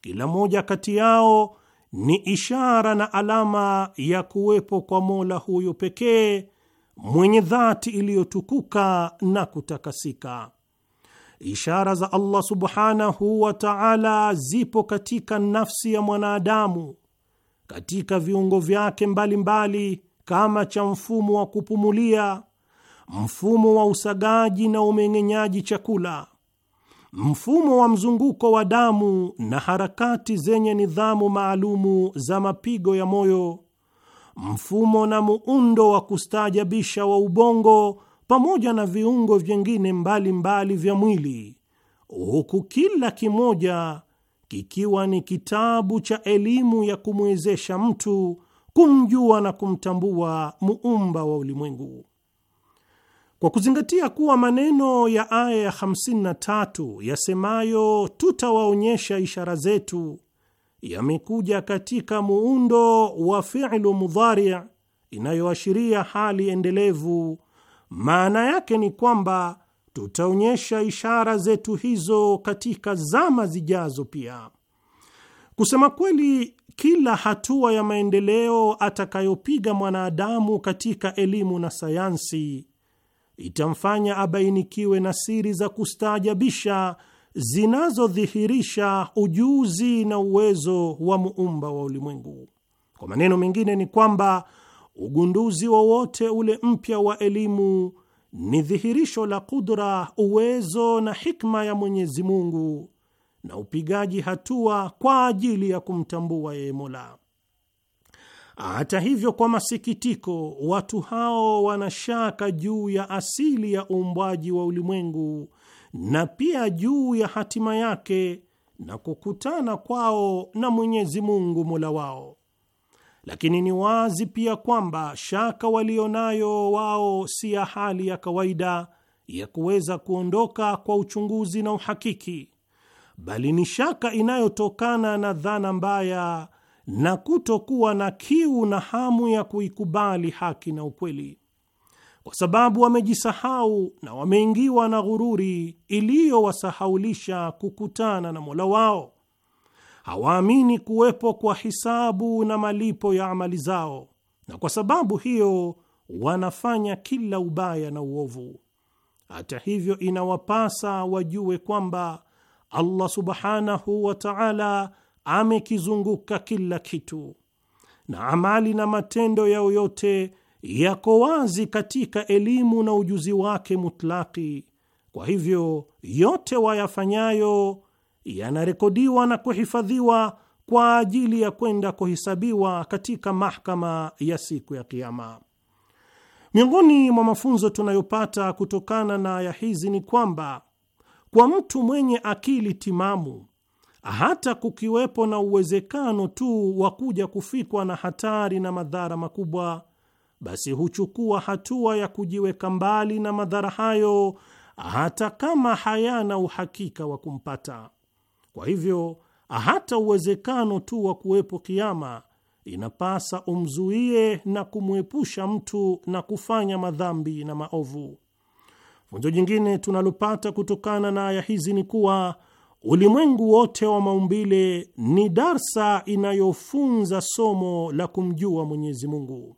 Kila moja kati yao ni ishara na alama ya kuwepo kwa Mola huyo pekee mwenye dhati iliyotukuka na kutakasika. Ishara za Allah subhanahu wa ta'ala zipo katika nafsi ya mwanadamu, katika viungo vyake mbalimbali mbali, kama cha mfumo wa kupumulia, mfumo wa usagaji na umeng'enyaji chakula, mfumo wa mzunguko wa damu na harakati zenye nidhamu maalumu za mapigo ya moyo, mfumo na muundo wa kustaajabisha wa ubongo pamoja na viungo vyengine mbalimbali vya mwili, huku kila kimoja kikiwa ni kitabu cha elimu ya kumwezesha mtu kumjua na kumtambua muumba wa ulimwengu. Kwa kuzingatia kuwa maneno ya aya ya 53 yasemayo tutawaonyesha ishara zetu yamekuja katika muundo wa fi'lu mudhari inayoashiria hali endelevu, maana yake ni kwamba tutaonyesha ishara zetu hizo katika zama zijazo pia. Kusema kweli, kila hatua ya maendeleo atakayopiga mwanadamu katika elimu na sayansi itamfanya abainikiwe na siri za kustaajabisha zinazodhihirisha ujuzi na uwezo wa muumba wa ulimwengu. Kwa maneno mengine, ni kwamba ugunduzi wowote ule mpya wa elimu ni dhihirisho la kudra, uwezo na hikma ya Mwenyezi Mungu na upigaji hatua kwa ajili ya kumtambua yeye Mola. Hata hivyo, kwa masikitiko, watu hao wanashaka juu ya asili ya uumbwaji wa ulimwengu na pia juu ya hatima yake na kukutana kwao na Mwenyezi Mungu Mola wao. Lakini ni wazi pia kwamba shaka walionayo wao si ya hali ya kawaida ya kuweza kuondoka kwa uchunguzi na uhakiki bali ni shaka inayotokana na dhana mbaya na kutokuwa na kiu na hamu ya kuikubali haki na ukweli, kwa sababu wamejisahau na wameingiwa na ghururi iliyowasahaulisha kukutana na Mola wao. Hawaamini kuwepo kwa hisabu na malipo ya amali zao, na kwa sababu hiyo wanafanya kila ubaya na uovu. Hata hivyo, inawapasa wajue kwamba Allah subhanahu wa ta'ala amekizunguka kila kitu, na amali na matendo yao yote yako wazi katika elimu na ujuzi wake mutlaki. Kwa hivyo yote wayafanyayo yanarekodiwa na kuhifadhiwa kwa ajili ya kwenda kuhesabiwa katika mahakama ya siku ya Kiyama. Miongoni mwa mafunzo tunayopata kutokana na aya hizi ni kwamba kwa mtu mwenye akili timamu, hata kukiwepo na uwezekano tu wa kuja kufikwa na hatari na madhara makubwa, basi huchukua hatua ya kujiweka mbali na madhara hayo, hata kama hayana uhakika wa kumpata. Kwa hivyo, hata uwezekano tu wa kuwepo kiama inapasa umzuie na kumwepusha mtu na kufanya madhambi na maovu. Funzo jingine tunalopata kutokana na aya hizi ni kuwa ulimwengu wote wa maumbile ni darsa inayofunza somo la kumjua Mwenyezi Mungu,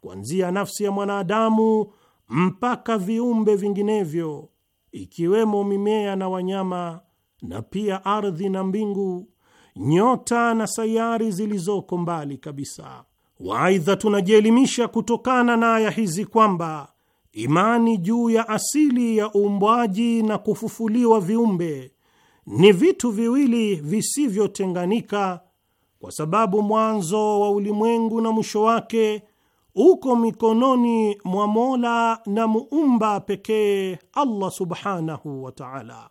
kuanzia nafsi ya mwanadamu mpaka viumbe vinginevyo, ikiwemo mimea na wanyama, na pia ardhi na mbingu, nyota na sayari zilizoko mbali kabisa. Waaidha, tunajielimisha kutokana na aya hizi kwamba imani juu ya asili ya uumbwaji na kufufuliwa viumbe ni vitu viwili visivyotenganika, kwa sababu mwanzo wa ulimwengu na mwisho wake uko mikononi mwa Mola na muumba pekee, Allah subhanahu wa taala.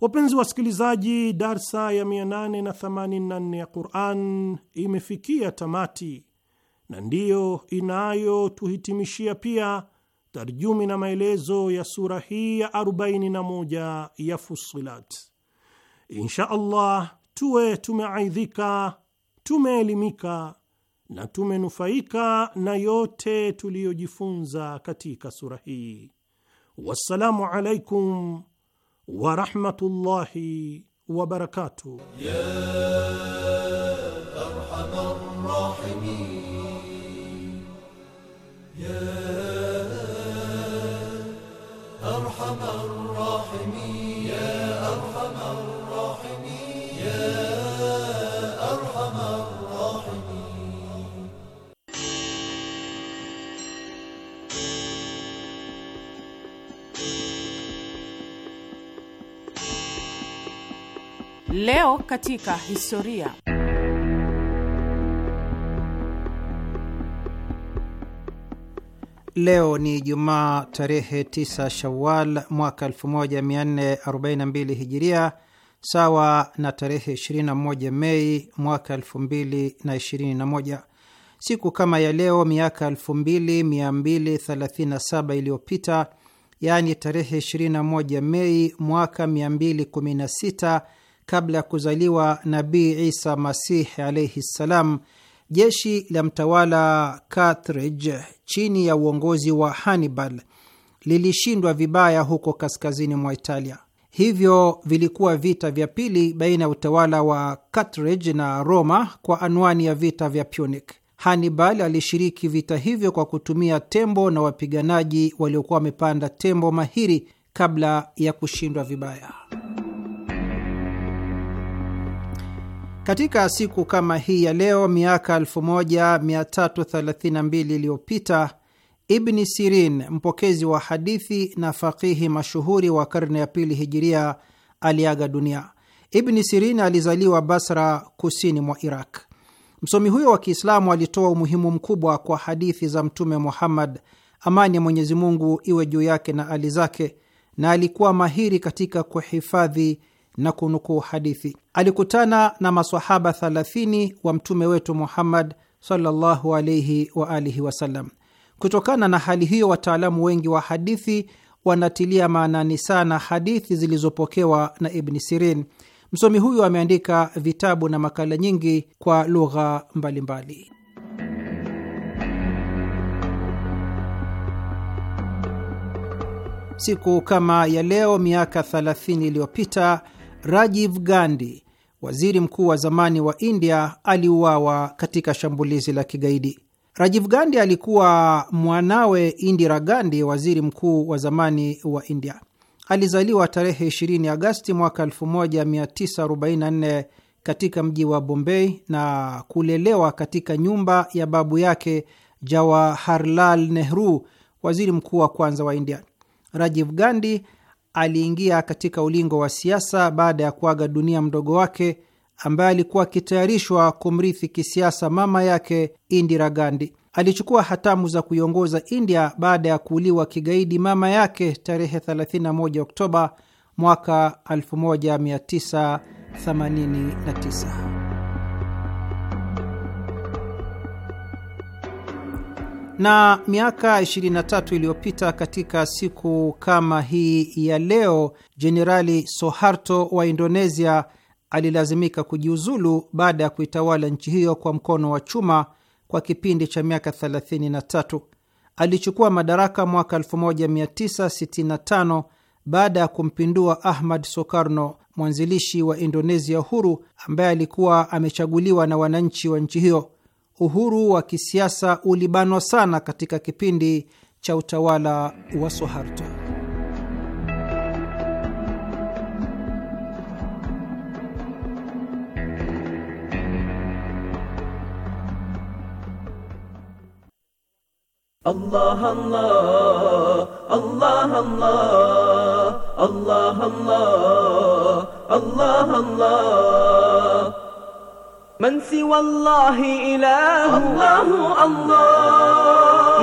Wapenzi wasikilizaji, darsa ya 884 ya Quran imefikia tamati na ndiyo inayotuhitimishia pia tarjumi na maelezo ya sura hii ya 41 ya Fussilat. Insha Allah tuwe tumeaidhika, tumeelimika na tumenufaika na yote tuliyojifunza katika sura hii. Wassalamu alaikum warahmatullahi wabarakatuh. Leo katika historia. Leo ni Jumaa tarehe 9 Shawal mwaka 1442 Hijiria, sawa na tarehe 21 Mei mwaka 2021. Siku kama ya leo miaka 2237 iliyopita, yaani tarehe 21 Mei mwaka 216 kabla ya kuzaliwa Nabii Isa masih alaihi ssalam, jeshi la mtawala Carthage chini ya uongozi wa Hannibal lilishindwa vibaya huko kaskazini mwa Italia. Hivyo vilikuwa vita vya pili baina ya utawala wa Carthage na Roma kwa anwani ya vita vya Punic. Hannibal alishiriki vita hivyo kwa kutumia tembo na wapiganaji waliokuwa wamepanda tembo mahiri kabla ya kushindwa vibaya. Katika siku kama hii ya leo miaka 1332 iliyopita Ibni Sirin, mpokezi wa hadithi na fakihi mashuhuri wa karne ya pili hijiria, aliaga dunia. Ibni Sirin alizaliwa Basra, kusini mwa Iraq. Msomi huyo wa Kiislamu alitoa umuhimu mkubwa kwa hadithi za Mtume Muhammad, amani ya Mwenyezi Mungu iwe juu yake na ali zake, na alikuwa mahiri katika kuhifadhi na kunukuu hadithi. Alikutana na masahaba 30 wa mtume wetu Muhammad sallallahu alayhi wa alihi wasallam. Kutokana na hali hiyo, wataalamu wengi wa hadithi wanatilia maanani sana hadithi zilizopokewa na Ibni Sirin. Msomi huyu ameandika vitabu na makala nyingi kwa lugha mbalimbali. Siku kama ya leo miaka 30 iliyopita Rajiv Gandhi, waziri mkuu wa zamani wa India, aliuawa katika shambulizi la kigaidi. Rajiv Gandhi alikuwa mwanawe Indira Gandhi, waziri mkuu wa zamani wa India. Alizaliwa tarehe 20 Agasti mwaka 1944 katika mji wa Bombay na kulelewa katika nyumba ya babu yake Jawaharlal Nehru, waziri mkuu wa kwanza wa India. Rajiv Gandhi aliingia katika ulingo wa siasa baada ya kuaga dunia mdogo wake ambaye alikuwa akitayarishwa kumrithi kisiasa mama yake Indira Gandhi. Alichukua hatamu za kuiongoza India baada ya kuuliwa kigaidi mama yake tarehe 31 Oktoba mwaka 1989. Na miaka 23 iliyopita katika siku kama hii ya leo, Jenerali Soharto wa Indonesia alilazimika kujiuzulu baada ya kuitawala nchi hiyo kwa mkono wa chuma kwa kipindi cha miaka 33. Alichukua madaraka mwaka 1965 baada ya kumpindua Ahmad sokarno mwanzilishi wa Indonesia huru ambaye alikuwa amechaguliwa na wananchi wa nchi hiyo uhuru wa kisiasa ulibanwa sana katika kipindi cha utawala wa Soharto. Allah, Allah, Allah, Allah, Allah, Allah, Allah, Allah. من سوى الله إله الله الله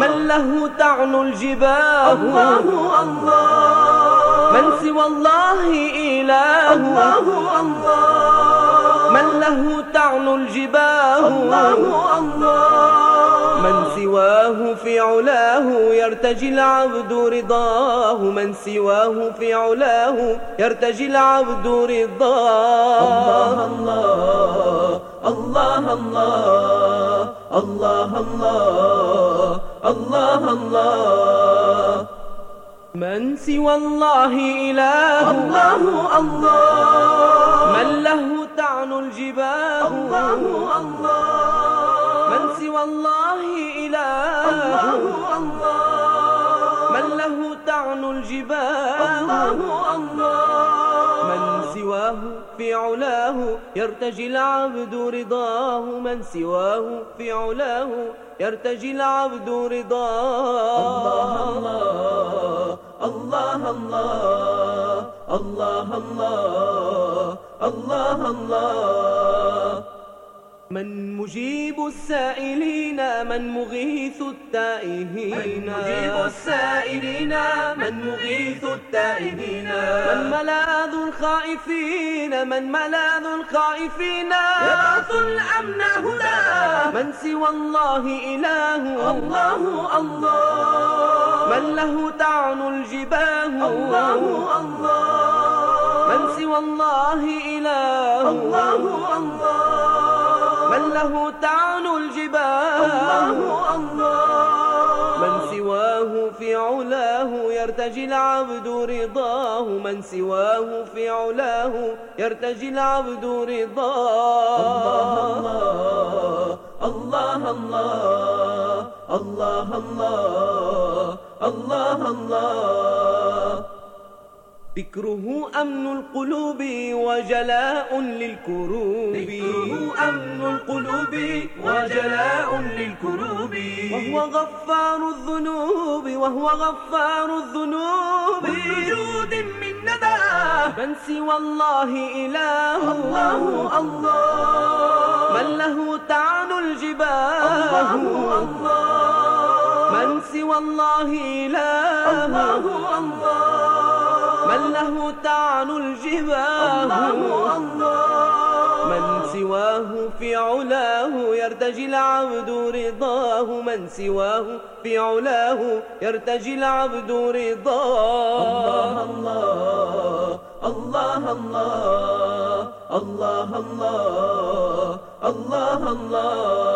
من له تعن الجباه الله الله من سوى الله إله الله الله من له تعن الجباه الله الله من سواه في علاه يرتجي العبد رضاه من سواه في علاه يرتجي العبد رضاه الله الله الله الله الله الله الله الله من سوى الله إله الله الله من له تعن الجباه الله الله من سوى الله إله الله الله من له تعن الجباه الله الله سواه في علاه يرتجي العبد رضاه من سواه في علاه يرتجي العبد رضاه الله الله الله الله الله الله الله الله من مجيب السائلين من مغيث التائهين من مجيب السائلين من مغيث التائهين من ملاذ الخائفين من ملاذ الخائفين يبعث الأمن هدى من سوى الله إله الله الله من له تعن الجباه الله الله من سوى الله إله الله الله من له تعن الجبال الله الله من سواه في علاه يرتجي العبد رضاه من سواه في علاه يرتجي العبد رضاه الله الله الله الله الله الله الله الله ذكره أمن القلوب وجلاء للكروب ذكره أمن القلوب وجلاء للكروب وهو غفار الذنوب وهو غفار الذنوب بوجود من ندى من سوى الله إله الله الله من له تعن الجبال الله الله من سوى الله إله الله الله الله تعن الجباه الله الله من سواه في علاه يرتجي العبد رضاه من سواه في علاه يرتجي العبد رضاه الله الله الله الله الله الله الله الله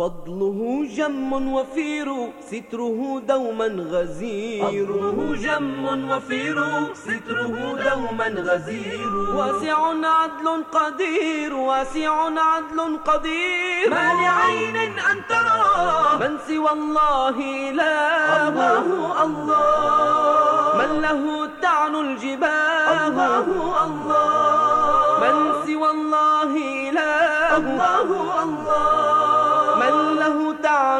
فضله جم وفير ستره دوما غزير فضله جم وفير ستره دوما غزير واسع عدل قدير واسع عدل قدير ما لعين أن ترى من سوى الله لا الله الله من له تعن الجبال الله الله من سوى الله لا الله الله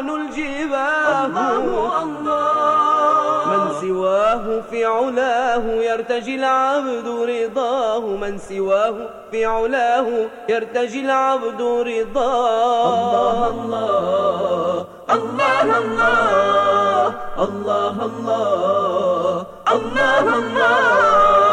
تطحن الجباه الله الله من سواه في علاه يرتجي العبد رضاه من سواه في علاه يرتجي العبد رضاه الله الله الله الله الله الله الله الله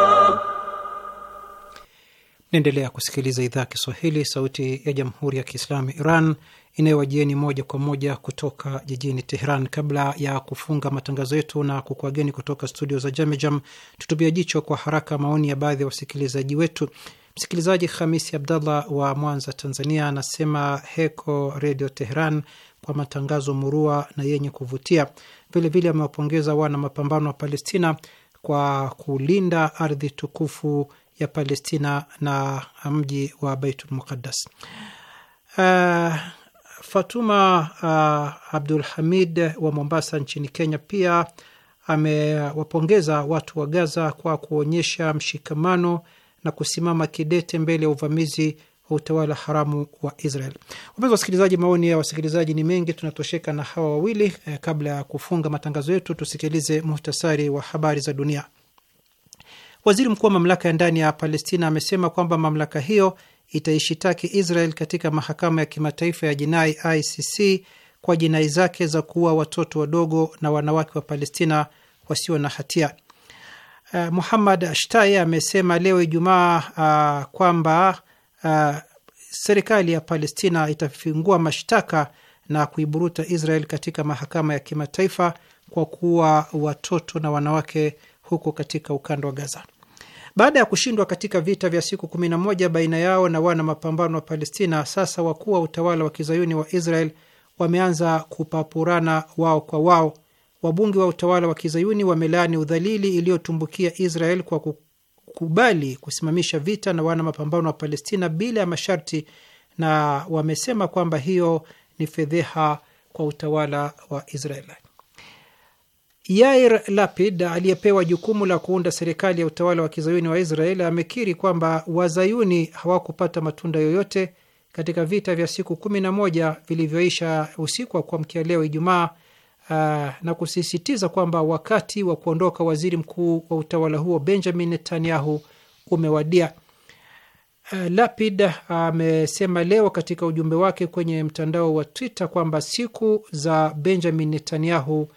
Naendelea kusikiliza idhaa ya Kiswahili, sauti ya jamhuri ya kiislamu Iran inayowajieni moja kwa moja kutoka jijini Teheran. Kabla ya kufunga matangazo yetu na kukuageni kutoka studio za Jamejam, tutupia jicho kwa haraka maoni ya baadhi ya wasikilizaji wetu. Msikilizaji Hamisi Abdallah wa Mwanza, Tanzania, anasema heko Redio Teheran kwa matangazo murua na yenye kuvutia. Vilevile amewapongeza wana mapambano wa Palestina kwa kulinda ardhi tukufu ya Palestina na mji wa Baitul Muqaddas. Uh, Fatuma uh, Abdul Hamid wa Mombasa nchini Kenya pia amewapongeza watu wa Gaza kwa kuonyesha mshikamano na kusimama kidete mbele ya uvamizi wa utawala haramu wa Israel. Wapenzi wasikilizaji, maoni ya wasikilizaji ni mengi, tunatosheka na hawa wawili. Eh, kabla ya kufunga matangazo yetu, tusikilize muhtasari wa habari za dunia. Waziri mkuu wa mamlaka ya ndani ya Palestina amesema kwamba mamlaka hiyo itaishitaki Israel katika mahakama ya kimataifa ya jinai ICC kwa jinai zake za kuua watoto wadogo na wanawake wa Palestina wasio na hatia. Uh, Muhammad Ashtai amesema leo Ijumaa uh, kwamba uh, serikali ya Palestina itafungua mashtaka na kuiburuta Israel katika mahakama ya kimataifa kwa kuua watoto na wanawake huko katika ukanda wa Gaza. Baada ya kushindwa katika vita vya siku 11 baina yao na wana mapambano wa Palestina, sasa wakuu wa utawala wa kizayuni wa Israel wameanza kupapurana wao kwa wao. Wabunge wa utawala wa kizayuni wamelaani udhalili iliyotumbukia Israel kwa kukubali kusimamisha vita na wana mapambano wa Palestina bila ya masharti, na wamesema kwamba hiyo ni fedheha kwa utawala wa Israel. Yair Lapid aliyepewa jukumu la kuunda serikali ya utawala wa kizayuni wa Israel amekiri kwamba wazayuni hawakupata matunda yoyote katika vita vya siku kumi na moja vilivyoisha usiku wa kuamkia leo Ijumaa, uh, na kusisitiza kwamba wakati wa kuondoka waziri mkuu wa utawala huo Benjamin Netanyahu umewadia. Uh, Lapid amesema leo katika ujumbe wake kwenye mtandao wa Twitter kwamba siku za Benjamin Netanyahu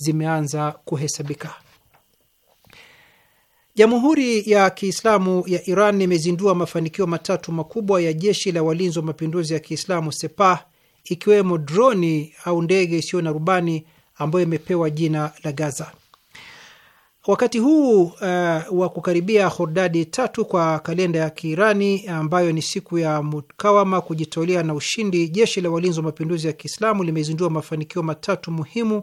zimeanza kuhesabika. Jamhuri ya Kiislamu ya Iran imezindua mafanikio matatu makubwa ya jeshi la walinzi wa mapinduzi ya Kiislamu Sepah, ikiwemo droni au ndege isiyo na rubani ambayo imepewa jina la Gaza. Wakati huu uh, wa kukaribia Hordadi tatu kwa kalenda ya Kiirani ambayo ni siku ya mukawama, kujitolea na ushindi, jeshi la walinzi wa mapinduzi ya Kiislamu limezindua mafanikio matatu muhimu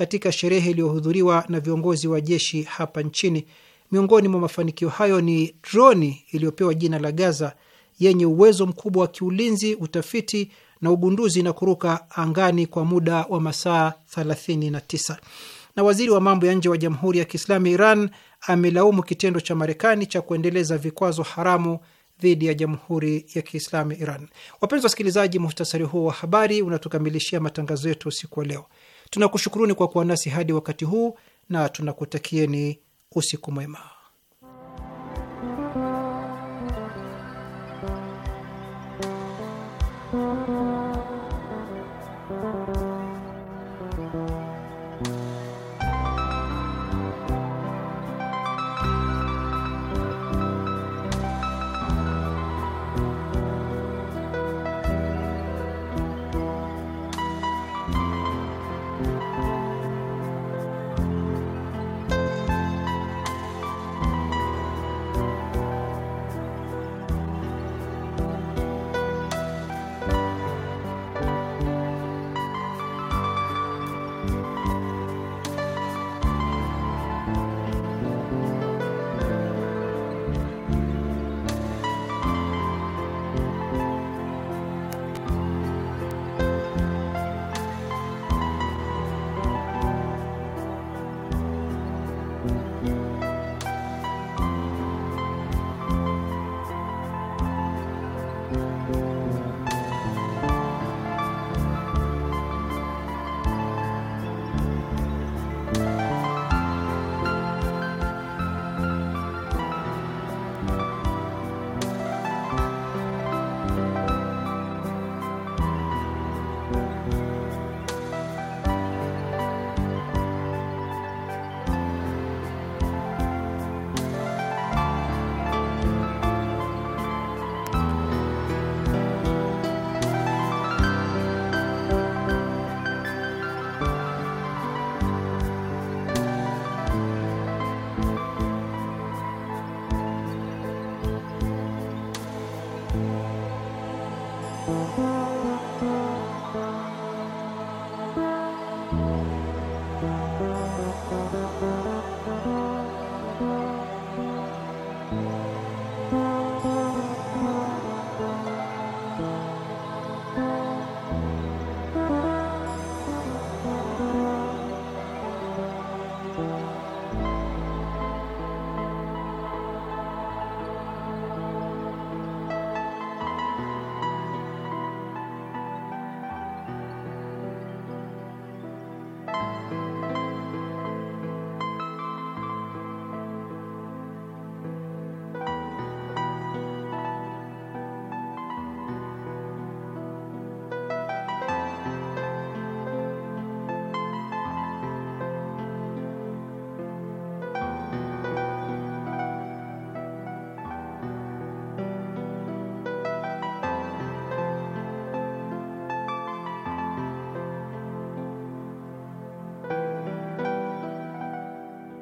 katika sherehe iliyohudhuriwa na viongozi wa jeshi hapa nchini. Miongoni mwa mafanikio hayo ni droni iliyopewa jina la Gaza yenye uwezo mkubwa wa kiulinzi, utafiti na ugunduzi na kuruka angani kwa muda wa masaa 39. Na waziri wa mambo ya nje wa Jamhuri ya Kiislamu Iran amelaumu kitendo cha Marekani cha kuendeleza vikwazo haramu dhidi ya Jamhuri ya Kiislamu Iran. Wapenzi wasikilizaji, muhtasari huo wa habari unatukamilishia matangazo yetu usiku wa leo. Tunakushukuruni kwa kuwa nasi hadi wakati huu na tunakutakieni usiku mwema.